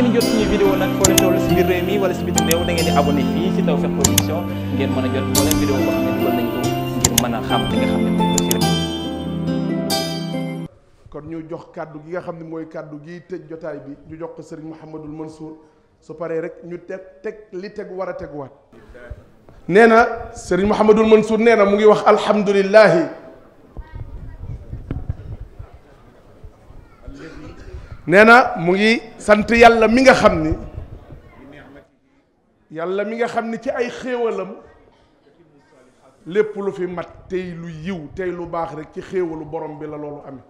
ngeen jot suñu vidéo nag foo leen si biir réew mi wala si biti réew da ngeen si Tawfekh ngeen mën a jot moo leen mën a xam li kon ñu jox kàddu gi nga xam ne mooy kàddu gi tëj jotaay bi ñu jox ko sëriñ Mouhamadul Mansour su paree rek ñu teg teg li teg war a teg waat nee na sëriñ Mouhamadul Mansour nee mu ngi wax alhamdulillahi nee na mu ngi sant yàlla mi nga xam ni yàlla mi nga xam ni ci ay xéewalam lépp lu fi mat tey lu yiw tey lu baax rek ci xéewalu borom bi la loolu amee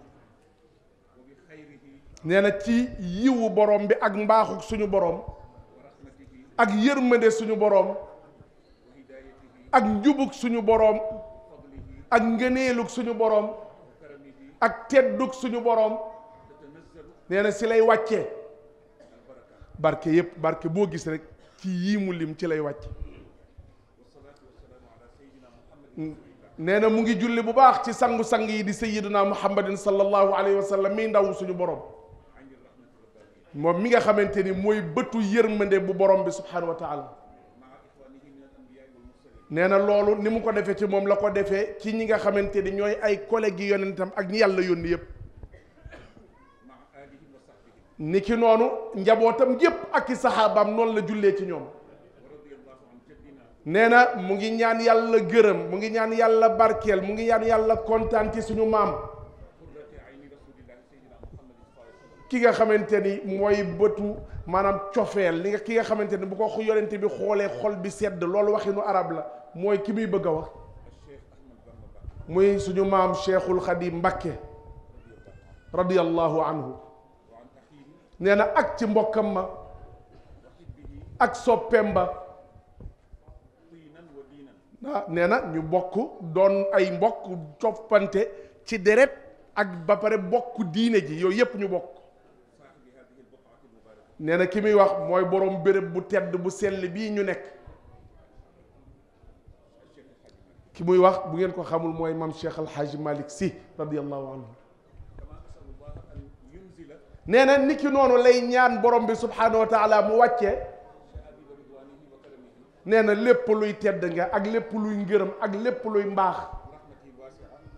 nee na ci yiwu borom bi ak mbaaxu suñu borom ak yërmande suñu borom ak njubug suñu borom ak ngëneelug suñu borom ak teddug suñu borom. nee na si lay wàcce barke yépp barke boo gis rek ci yii mu lim ci lay wàcc nee na mu ngi julli bu baax ci sangu-sang yi di sayyiduna muhammadin sallallahu alayhi wa sallam miy ndaw suñu borom moom mi nga xamante ni mooy bëtu yërmande bu borom bi subhanahu wa taala nee na loolu ni mu ko defee ci moom la ko defee ci ñi nga xamante ni ñooy ay collègues yi yonentam ak ñi yàlla yónni yépp ni ki noonu njabootam yépp ak i saxaabaam noonu la jullee ci ñoom nee na mu ngi ñaan yàlla gërëm mu ngi ñaan yàlla barkeel mu ngi ñaan yàlla kontaan suñu maam ki nga xamante ni mooy bëtu maanaam cofeel li nga ki nga xamante ni bu ko yonente bi xoolee xol bi sedd loolu waxinu arab la mooy ki muy bëgg a wax muy suñu maam cheikhul xadim mbakke radiallahu anhu nee na ak ci mbokkam ma ak soppeem ba ah, na ñu bokk doon ay mbokk coppante ci deret ak ba pare bokk diine ji yooyu yépp ñu bokk nee na ki muy wax mooy boroom bërëb bu tedd bu sell bii ñu nekk ki muy wax bu ngeen ko xamul mooy maam Cheikh Al Hadj Malick Sy radiyallahu nee na niki noonu lay ñaan borom bi subhaanahu wa mu wàcce nee na lépp luy tedd nga ak lépp luy ngërëm ak lépp luy mbaax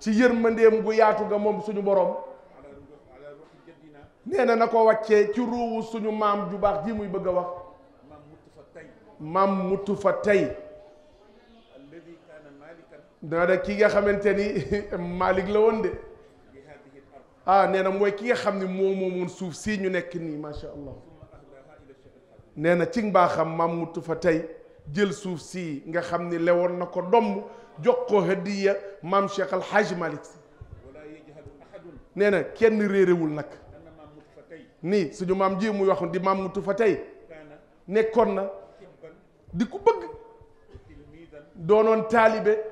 ci yërmandeem gu yaatu nga moom suñu borom nee na ko wàccee ci ruuwu suñu maam ju baax ji muy bëgg a wax maam mutu fa tey dana de ki nga xamante ni Malick la woon de ah nee na mooy ki nga xam ne moo moomoon suuf sii ñu nekk nii macha allah nee na ci mbaaxam maam mutu fa tey jël suuf si nga xam ni lewoon na ko domb jox ko hadiya maam Cheikh Al Hadj si nee na kenn réerewul nag nii suñu maam ji muy waxoon di maam mutu fa tey nekkoon na di ku bëgg doonoon taalibe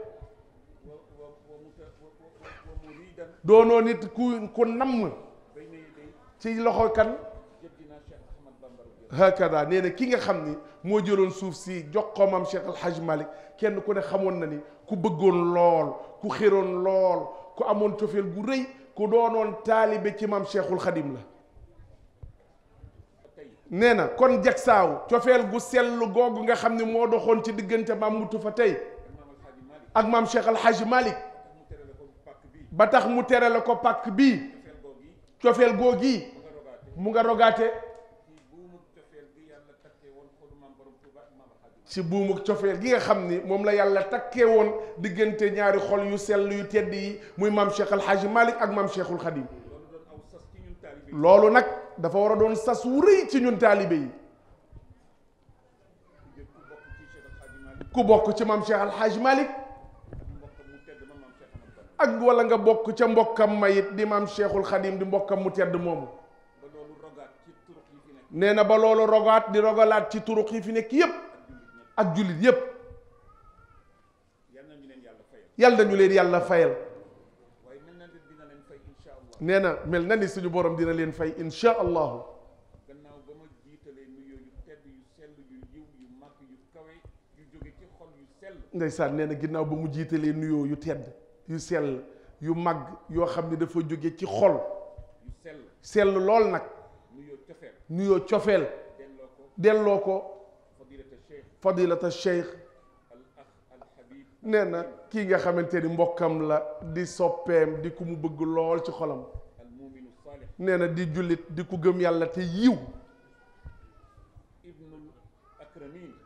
doonoo nit ku ku namm ci loxo kan hakada nee na ki nga xam ni moo jëloon suuf si jox ko maam Cheikh Al Hadj kenn ku ne xamoon na ni ku bëggoon lool ku xéroon lool ku amoon cofeel gu rëy ku doonoon taalibe ci maam Cheikhul Xadim la nee na kon jagsaaw cofeel gu sell googu nga xam ne moo doxoon ci diggante maam Mutu fa tey ak maam Cheikh Al Hadj ba tax mu tere la ko pàkk bii cofeel googi mu nga rogaate si buumuk cofeel gi nga xam ni moom la yàlla takkee woon diggante ñaari xol yu sell yu tedd yi muy maam Cheikh Al Hadj Malick ak maam Cheikhul Khadim loolu nag dafa war a doon sas wu rëy ci ñun taalibe yi ku bokk ci maam Cheikh Al Hadj ak wala nga bokk ca mbokkam mayit di maam cheikhul xadim di mbokkam mu tedd moomu nee na ba loolu rogaat di rogalaat ci turuq yi fi nekk yépp ak jullit yépp yàlla nañu leen yàlla fayal nee na mel na ni suñu borom dina leen fay insha allahu ndeysaan nee na ginnaaw ba mu jiitalee nuyoo yu tedd yu sell yu mag yoo xam ne dafa jóge ci xol sell lool nag nuyoo cofeel delloo ko fadilata cheikh nee na kii nga xamante ni mbokkam la di soppeem di ku mu bëgg lool ci xolam nee na di jullit di ku gëm yàlla te yiw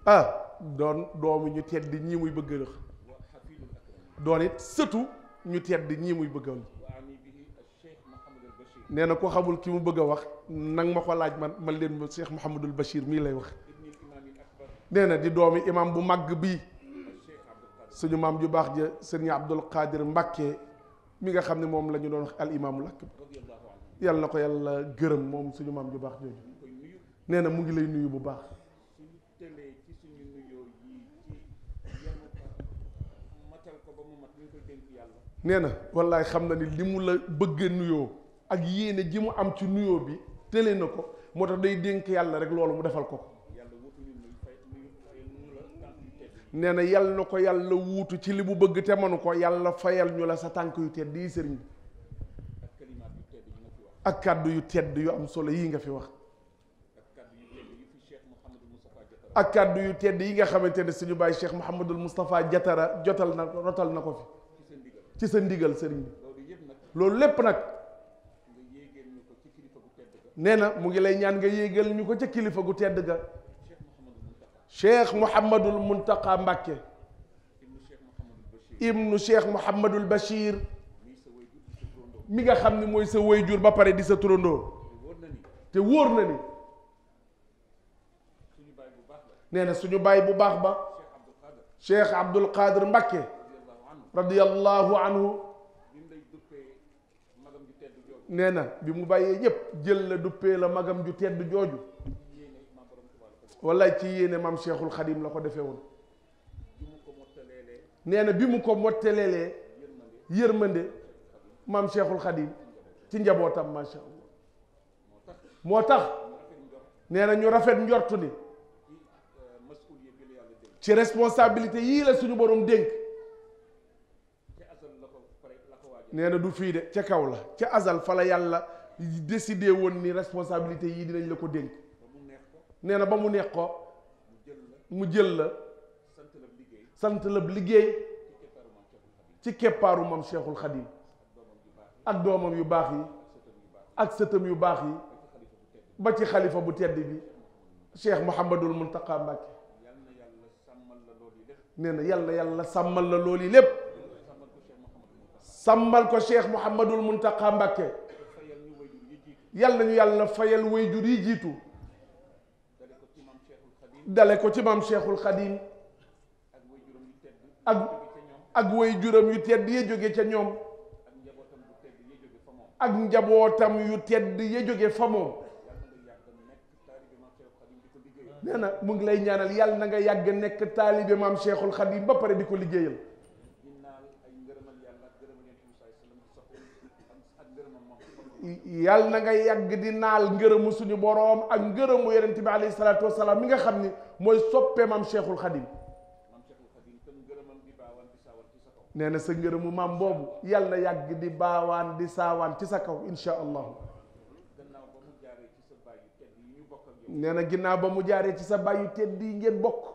ah doon doomu ñu tedd ñii muy bëgg rëx doon it sëtu ñu tedd ñii muy bëgg a nee na ko xamul ki mu bëgg a wax nang ma ko laaj man man leen ma Cheikh Mouhamadul Bachir mii lay wax nee na di doomi imam bu màgg bii suñu maam ju baax ja sëriñ Abdul Qadir Mbàkke mi nga xam ne moom la ñu doon wax al imaamul akbar yàlla na ko yàlla gërëm moom suñu maam ju baax jooju nee na mu ngi lay nuyu bu baax nee na wallaay xam na ni li mu la bëgg nuyoo ak yéene ji mu am ci nuyoo bi tële na ko moo tax day dénk yàlla rek loolu mu defal ko ko nee na yàlla na ko yàlla wuutu ci li mu bëgg te manu ko yàlla fayal ñu la sa tànk yu tedd yi sëriñ bi ak kàddu yu tedd yu am solo yii nga fi wax ak kàddu yu tedd yi nga xamante ne suñu bàyyi Cheikh Mouhamadul Moustapha Jatara jotal na rotal na ko fi ci sa ndigal sëriñ bi loolu lépp nag nee na mu ngi lay ñaan nga yéegal ñu ko ca kilifa gu tedd ga cheikh mouhamadul muntaqa mbàkke ibnu cheikh mouhamadul bachir mi nga xam ni mooy sa jur ba pare di sa turandoo te wóor na ni nee na suñu baay bu baax ba cheikh abdul qadir mbàkke radiyallahu anhu nee na bi mu bàyyee ñépp jël la duppee la magam ju tedd jooju wallaay ci yéene maam Cheikhul Xadim la ko defee woon nee na bi mu ko motteleelee yërmande maam Cheikhul Xadim ci njabootam macha allah moo tax nee na ñu rafet njortu ni ci responsabilité yii la suñu borom dénk nee na du fii de ca kaw la ca azal fa la yàlla décidé woon ni responsabilité yii dinañ la ko dénk nee na ba mu neex ko mu jël la sant la liggéey ci keppaaru moom Cheikhul Khadim ak doomam yu baax yi ak sëtam yu baax yi ba ci xalifa bu tedd bi Cheikh Mouhamadul Muntaqa Mbàkke nee na yàlla yàlla sàmmal la lool yi lépp sàmmal ko sheikh cheikh mouhamadul muntaqa mbàkke yal nañu yàlla fayal wayjur yi jiitu dale ko ci maam cheikhul xadim ak ak wayjuram yu tedd ya jóge ca ñoom ak njabootam yu tedd ya jóge fa moom nee na mu ngi lay ñaanal yàlla na nga yàgg nekk taalibe maam cheikhul xadim ba pare di ko liggéeyal yàlla na nga yàgg di naal ngërëmu suñu boroom ak ngërëmu yonent bi alayhi salaatu wasalaam mi nga xam ni mooy soppee maam Cheikhul Khadim nee sa ngërëmu maam boobu yàlla na yàgg di baawaan di saawaan ci sa kaw insha allahu nee na ginnaaw ba mu jaaree ci sa bàyyu tedd yi ngeen bokk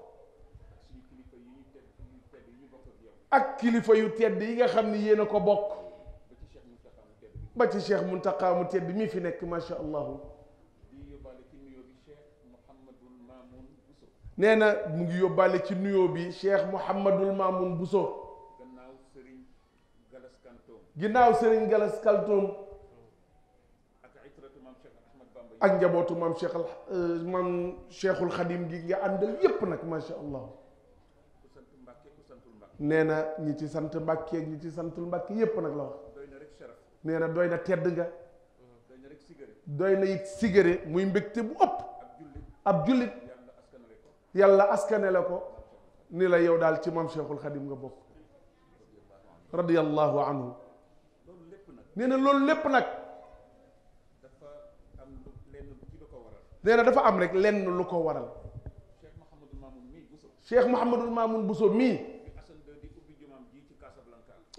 ak kilifa yu tedd yi nga xam ni yéen ko bokk ba ci cheikh Muntaqa mu bi mi fi nekk macha allahu nee na mu ngi yóbbaale ci nuyoo bi cheikh Mouhamadul Mamoun Bousso ginnaaw Serigne Galas Kaltoum ak njabootu maam cheikh euh, maam cheikhul xadim gi nga àndal yépp nag macha allah nee na ñi ci sant Mbàkke ñi ci santul Mbàkke yépp nag la wax nee na doy na tedd nga doy na it sigare muy mbégte bu ëpp ab jullit yàlla askanele ko ni la yow daal ci maam Cheikhul Xadim nga bokk radiyallahu anhu nee na loolu lépp nag nee na dafa am rek lenn lu ko waral Cheikh Mouhamadul Mamoun Bousso mii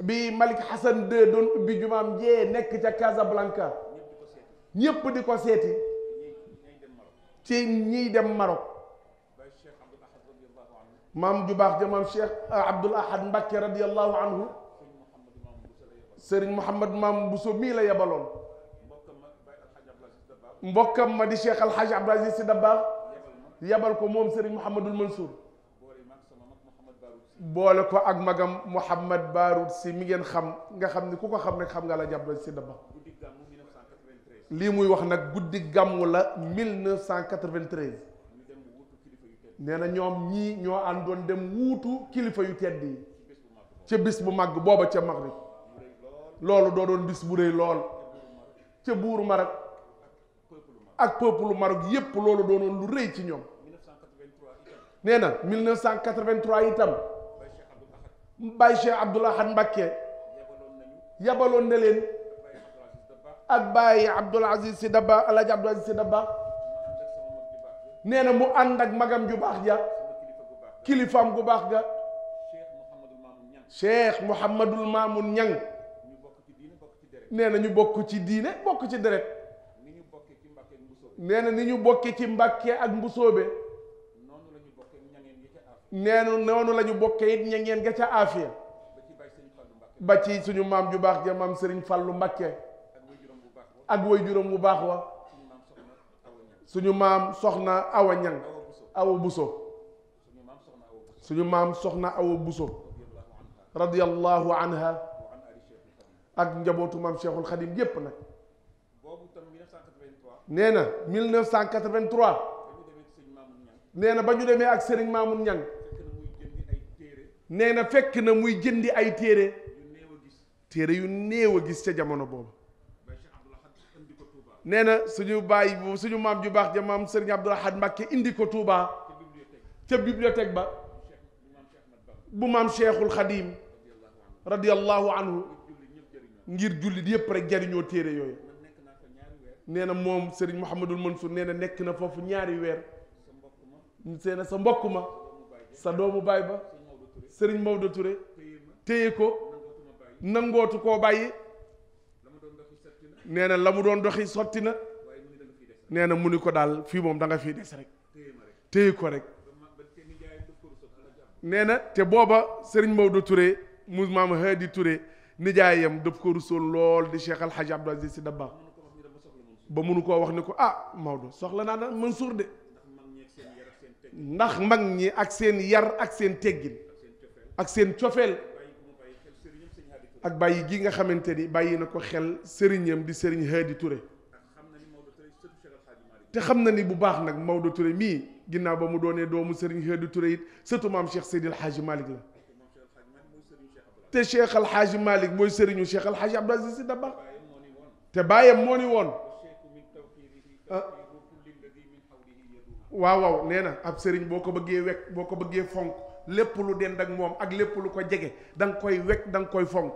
bi Malik Hassan II doon ubbi jumaam jee nekk ca Casablanca ñépp di ko seeti ci ñiy dem Maroc maam ju baax ja maam Cheikh euh, Abdoul Ahad Mbacké radiallahu anhu Serigne Mouhamad maam Bousso mii la yebaloon mbokkam ma di Cheikh Alhaji Abdoul Aziz Sy Dabakh yebal ko moom Serigne Mouhamadul Mansour boole ko ak magam Mouhamad Baroud si mi ngeen xam nga xam ni ku ko xam ne xam nga la jàpp si dama lii muy wax nag guddi gàmmu la 1993 nee na ñoom ñii ñoo àndoon dem wuutu kilifa yu tedd yi ca bis bu màgg booba ca Maghrib loolu doo doon bis bu rëy lool ca buuru Maroc ak peuple Maroc yépp loolu doonoon lu rëy ci ñoom nee na 1983 itam Baye Cheikh Abdoul Ahad Mbacké yabaloon na leen ak Baye Abdoul Aziz Sy Dabakh Alaaji Abdoul Aziz Sy Dabakh nee na mu ànd ak magam ju baax ja kilifaam gu baax ga Cheikh Mouhamadul Mamoun Ñang nee na ñu bokk ci diine bokk ci deret nee na ni ñu bokkee ci Mbàkke ak Mbusoobe neenu noonu la ñu bokkee it ña ngeen ga ca aafiya ba suñu maam ju baax ja maam Serigne Fallou Mbakke ak way juróom bu baax wa suñu soxna Awa Ñang suñu maam soxna Awa Buso radiyallahu anha ak njabootu maam Cheikhul Khadim yépp nag nee na 1983 nee na ba ñu demee ak Serigne Mamoun Ñang nee na fekk na muy jëndi ay téere téere yu néew a gis ca jamono boobu nee na suñu bàyyi bu suñu maam ju baax ja maam Serigne Abdoul Ahad Mbacké indi ko Touba ca bibliothèque ba bu maam Cheikhul Khadim radiyallahu anhu ngir jullit yépp rek jariñoo téere yooyu nee na moom Serigne Mouhamadul Mansour nee nekk na foofu ñaari weer nee sa mbokk ma sa doomu baay ba sëriñ Maodo Touré téye ko nangootu koo bàyyi nee la mu doon doxi sotti na nee na mu ni ko daal fii moom danga fii fiy des rek téye ko rek nee na te booba sëriñ Maodo Touré mu maam Hadi Touré nijaayam daf ko rusoon lool di Cheikh Al Hadj si Aziz Sy ba mënu koo wax ni ko ah Maodo soxla naa na Mansour de ndax mag ñi ak seen yar ak seen teggin ak seen cofeel ak bàyyi gi nga xamante ni bàyyi na ko xel sëriñam di sëriñ Hadi Touré te xam na ni bu baax nag Maodo Touré mii ginnaaw ba mu doonee doomu sëriñ Hadi ture it sëtu maam Cheikh Seydi El Hadji Malick la te Cheikh El Hadji Malick mooy sëriñu Cheikh El Hadji Abdou Aziz Sy te baayam moo ni woon ah. waaw waaw nee na ab sëriñ boo ko bëggee wekk boo ko bëggee fonk lépp lu dend ak moom ak lépp lu ko jege danga koy wekk da koy fonk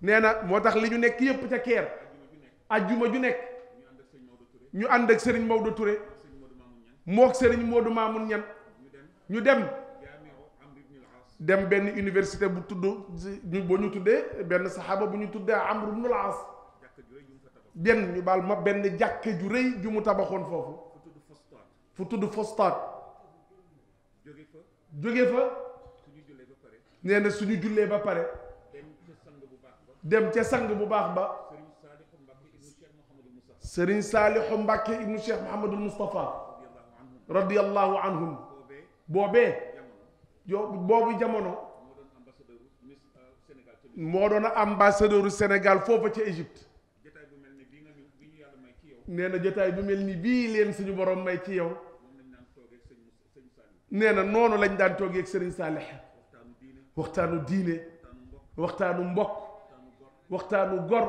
nee na moo tax li ñu nekk yépp ca keer ajjuma ju nekk ñu ànd ak sëriñ Maodo Touré mook sëriñ Maodo Mamoun ñan ñu dem dem benn université bu tudd ñu ñu tuddee benn saxaaba bu ñu tuddee Amr ibn al-As benn ñu baal ma benn jàkke ju rëy ju mu tabaxoon foofu fu tudd Fostat jóge fa jóge fa nee na suñu jullee ba pare dem ca sang bu baax ba sëriñ saalixu mbàkke ibnu cheikh mahamadul moustapha radiallahu anhum boobee yow boobu jamono euh, moo doon ambassadeuru sénégal foofa ca égypte nee na jotaay bu mel ni bii leen suñu borom may ci yow nee na noonu lañ daan toogee ak Serigne Saalix waxtaanu diine waxtaanu mbokk waxtaanu gor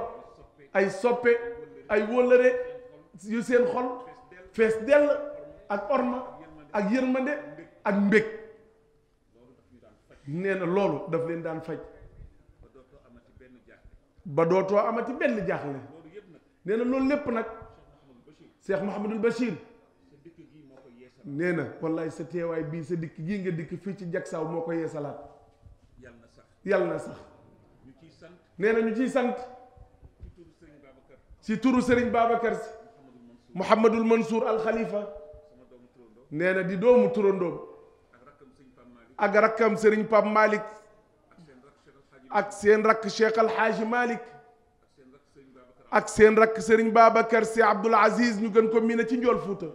ay soppe ay wóllëre yu seen xol fees dell ak orma ak yërmande ak mbég nee na loolu daf leen daan faj ba dootoo amati benn jaaxle nee na loolu lépp nag Cheikh Mouhamadul Bachir nee na wallaay sa teewaay bii sa dikk gii nga dikk fii ci jagsaaw moo ko yeesalaat yàlla na sax yàlla na sax ñu ciy sant ñu ciy sant si turu Serigne Babacar si Mouhamadul Mansour Al Khalifa nee na di doomu turandoom ak rakkam Serigne Pape Malick ak seen rakk Cheikh Al Hadji Malick seen rakk Serigne Babacar si Abdoul Aziz ñu gën ko miine ci njool Fuuta.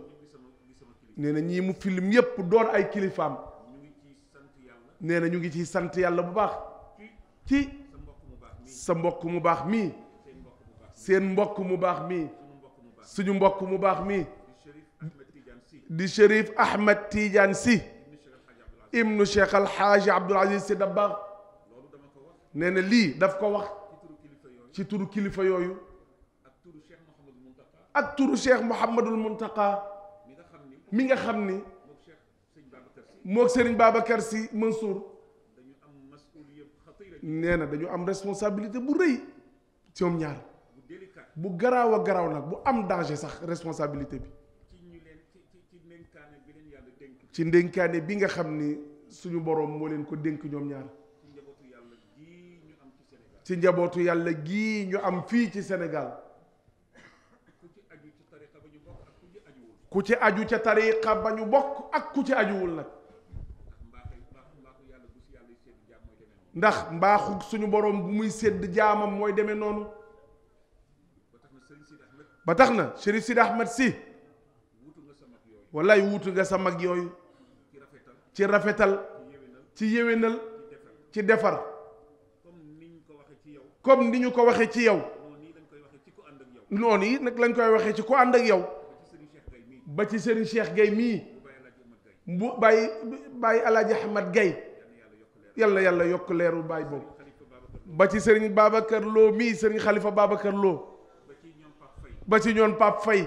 nee na ñii mu film yépp doon ay kilifaam nee na ñu ngi ciy sant yàlla bu baax ci sa mbokk mu baax mii seen mbokk mu baax mii suñu mbokk mu baax mii di Chérif Ahmed Tidiane Sy ibnu Cheikh Alxaaji Abdul Aziz Sy Dabakh nee na lii daf ko wax ci turu kilifa yooyu ak turu Cheikh Mouhamadul Muntaqa mi nga xam ni mook Serigne Babacar Sy Mansour nee na dañu am responsabilité bu rëy ci ñoom ñaar bu garaaw a garaaw nag bu am danger sax responsabilité bi ci ndénkaane bi nga xam ni suñu boroom moo leen ko dénk ñoom ñaar ci njabootu yàlla gii ñu am fii ci Sénégal ku ci aju ca tariqa ba ñu bokk ak ku ci ajuwul nag ndax mbaaxu suñu boroom bu muy sédd jaamam mooy demee noonu ba tax na Chérif Sidi Ahmed si wallaay wuutu nga sa mag yooyu ci rafetal ci yéwénal ci defar comme ni ñu ko waxee ci yow noonu yi nag lañ koy waxee ci ku ànd ak yow ba ci sëriñ Cheikh Gueye mii bu bàyyi bàyyi alaaji Ahmad Gueye yàlla yàlla yokk leeru baay boobu ba ci sëriñ Babacar Lo mii sëriñ Khalifa Babacar Lo ba ci ñoon Pape Faye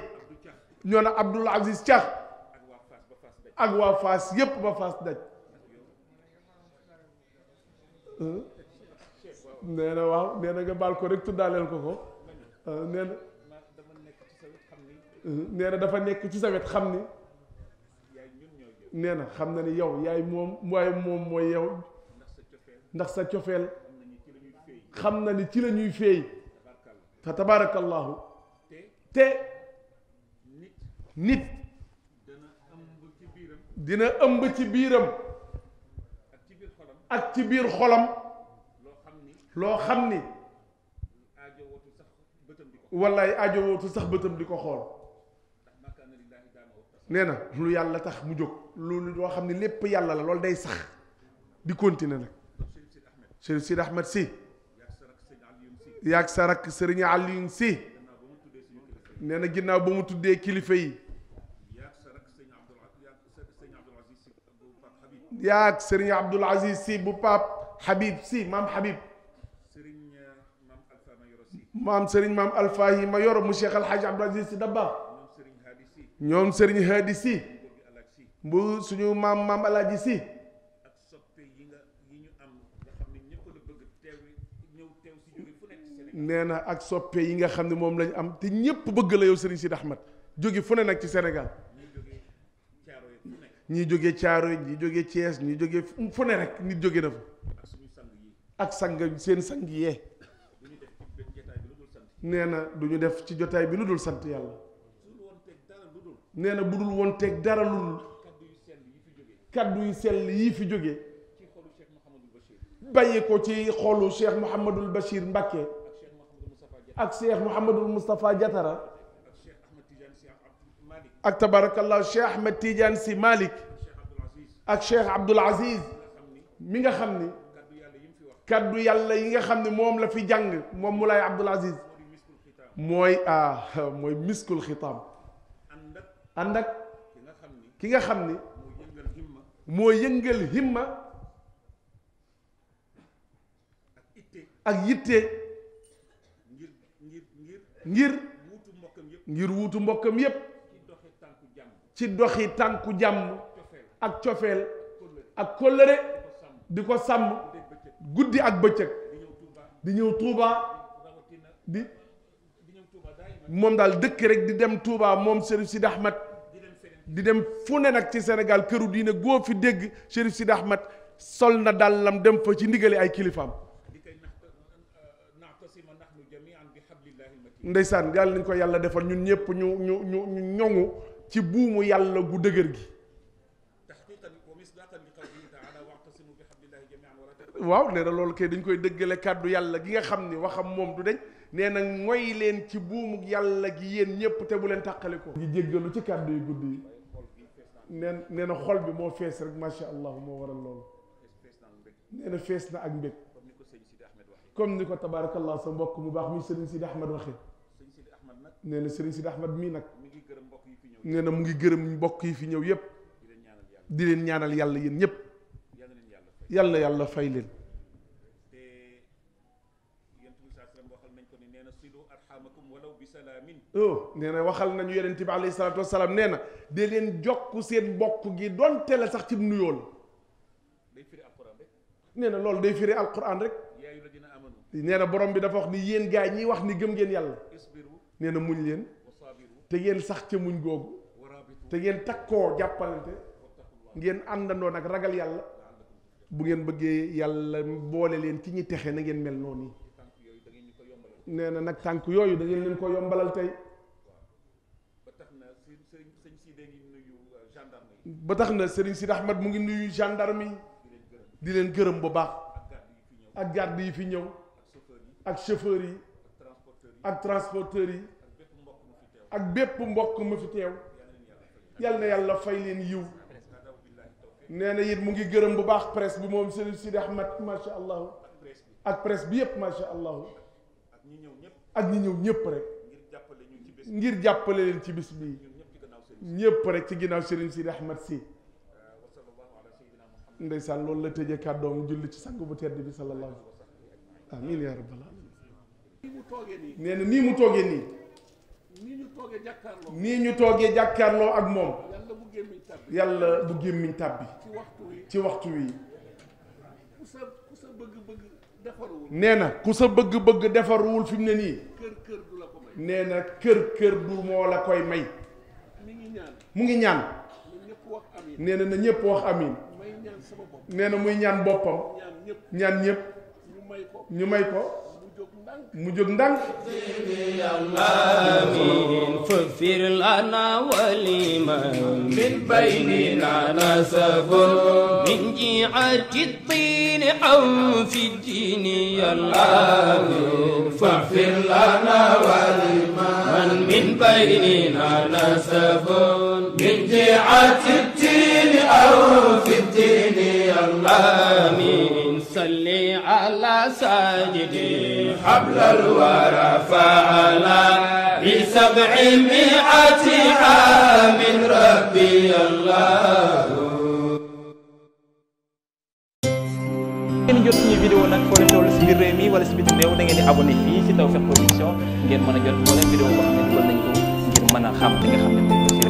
ñoon Abdoul Aziz Thiakh ak waa Fass yépp ba Fass daj nee na waaw nee na nga baal ko rek tuddaaleel ko ko nee dafa nekk ci sa wet xam ni nee na xam na ni yow yaay moom waaye moom mooy yow ndax sa cofeel xam na ni ci la ñuy feey fa te nit dina ëmb ci biiram ak ci biir xolam loo xam ni wallaay aajowootu sax bëtëm di ko xool nee na lu yàlla tax mu jóg loolu loo xam ne lépp yàlla la loolu day sax di continuer nag Sid Ahmed si yaag sa rakk Sëriñ Alioune si nee na ginnaaw ba mu tuddee kilifa yi yaag Sëriñ Aziz si bu Pape Habib si maam Habib maam Sëriñ maam Alpha yi ma yoro mu Cheikh Alhaji Abdoul Aziz si Dabakh ñoom sëriñ Hadi si bu suñu maam maam alaaji si nee na ak soppe yi nga xam ne moom lañu am te ñépp bëgg la yow sëriñ Sidi Ahmed jóge fu nag ci Sénégal ñii jóge caaro yi ñii jóge Thiès ñii jóge fu ne rek nit jóge na fa ak sang seen sang yee nee na du def ci jotaay bi lu dul sant yàlla nee na bu dul woon teg dara lu kaddu yu sell yii fi jóge bàyyi ko ci xolu Cheikh Mouhamadul Bachir Mbacke ak Cheikh Mouhamadul Moustapha Diatara ak tabarakallah Cheikh Ahmed Tidiane si Malick ak Cheikh Abdoul Aziz mi nga xam ni kaddu yàlla yi nga xam ne moom la fi jàng moom Moulay Abdoul Aziz mooy ah mooy miskul xitaam ànd ak ki nga xam ni moo yëngal himma ak yitte ngir ngir wuutu mbokkam yépp ci doxi tànku jàmm ak cofeel ak kóllëre di ko sàmm guddi ak bëccëg di ñëw tuubaa di moom daal dëkk rek di dem Touba moom Chérif Sidi Ahmed di dem fu ne nag ci Sénégal këru diine goo fi dégg Chérif Sidi Ahmed sol na dàllam dem fa ci ndigali ay kilifaam ndeysaan yàlla nañ ko yàlla defal ñun ñëpp ñu ñu ñu ñu ñoŋu ci buumu yàlla gu dëgër gi waaw nee na loolu kay dañ koy dëggale kàddu yàlla gi nga xam ni waxam moom du deñ nee na mooy leen ci buumu yàlla gi yéen ñëpp te bu leen tàqale ko ngi jéggalu ci kàddu yu guddi yi nee nee na xol bi moo fees rek macha allah moo waral loolu nee na fees na ak mbég comme ni ko tabaarakallah sa mbokk mu baax mi Serigne Sidi Ahmed waxee nee na Serigne Sidi Ahmed mii nag nee na mu ngi gërëm mbokk yi fi ñëw yépp di leen ñaanal yàlla yéen ñëpp yàlla yàlla fay leen oh waxal nañu yeneen bi alayhi salaatu wasalaam nee na de leen jokk seen bokk gi donte la sax ci nuyoo la nee na loolu day firi alquran rek nee na borom bi dafa wax ni yéen gaa ñi wax ni gëm ngeen yàlla nee na muñ leen te ngeen sax ci muñ googu te ngeen takkoo jàppalante ngeen àndandoo nag ragal yàlla bu ngeen bëggee yàlla boole leen ci ñi texe na ngeen mel noonu nee na nag tànk yooyu da ngeen leen ko yombalal tey ba tax na Serigne Sidi euh, Ahmed mu ngi nuyu gendarme yi di leen gërëm bu baax ak garde yi fi ñëw ak chauffeur yi ak transporteur yi ak bépp mbokk mu fi teew yal na yàlla fay leen yiw nee na yit mu ngi gërëm bu baax presse bi moom Serigne Sidi Ahmed macha allah ak presse bi yépp macha allah. ak ñi ñëw ñëpp rek ngir jàppale leen ci bis bi ñëpp rek ci ginnaaw sëriñ Sidi Ahmad si ndeysaan loolu la tëjee kàddoom julli ci sang bu tedd bi sa amin ya rabbal alamin nii mu toogee nii nii ñu toogee jàkkaarloo ak moom yàlla bu gémmiñ tàbbi ci waxtu wi nee na ku sa bëgg-bëgg defaruwul fi ne nii nee na kër kër du moo la koy may mu ngi ñaan nee na na ñëpp wax amiin nee na muy ñaan boppam ñaan ñëpp ñu may ko mu jóg ndànk amiin fafir lana walima min baynina nasabun min jiati tin aw fi dini yàllamin fafir lana المساجد حبل الورى فعلا بسبع مئة عام ربي الله ngeen jot ñu vidéo nag foo leen toll si biir réew mi wala si biti réew da ngeen di abonné fii si Tawfekh Production ngeen mën a jot moo leen vidéo boo xam ne dugal nañ ko ngir mën a xam li nga xam ne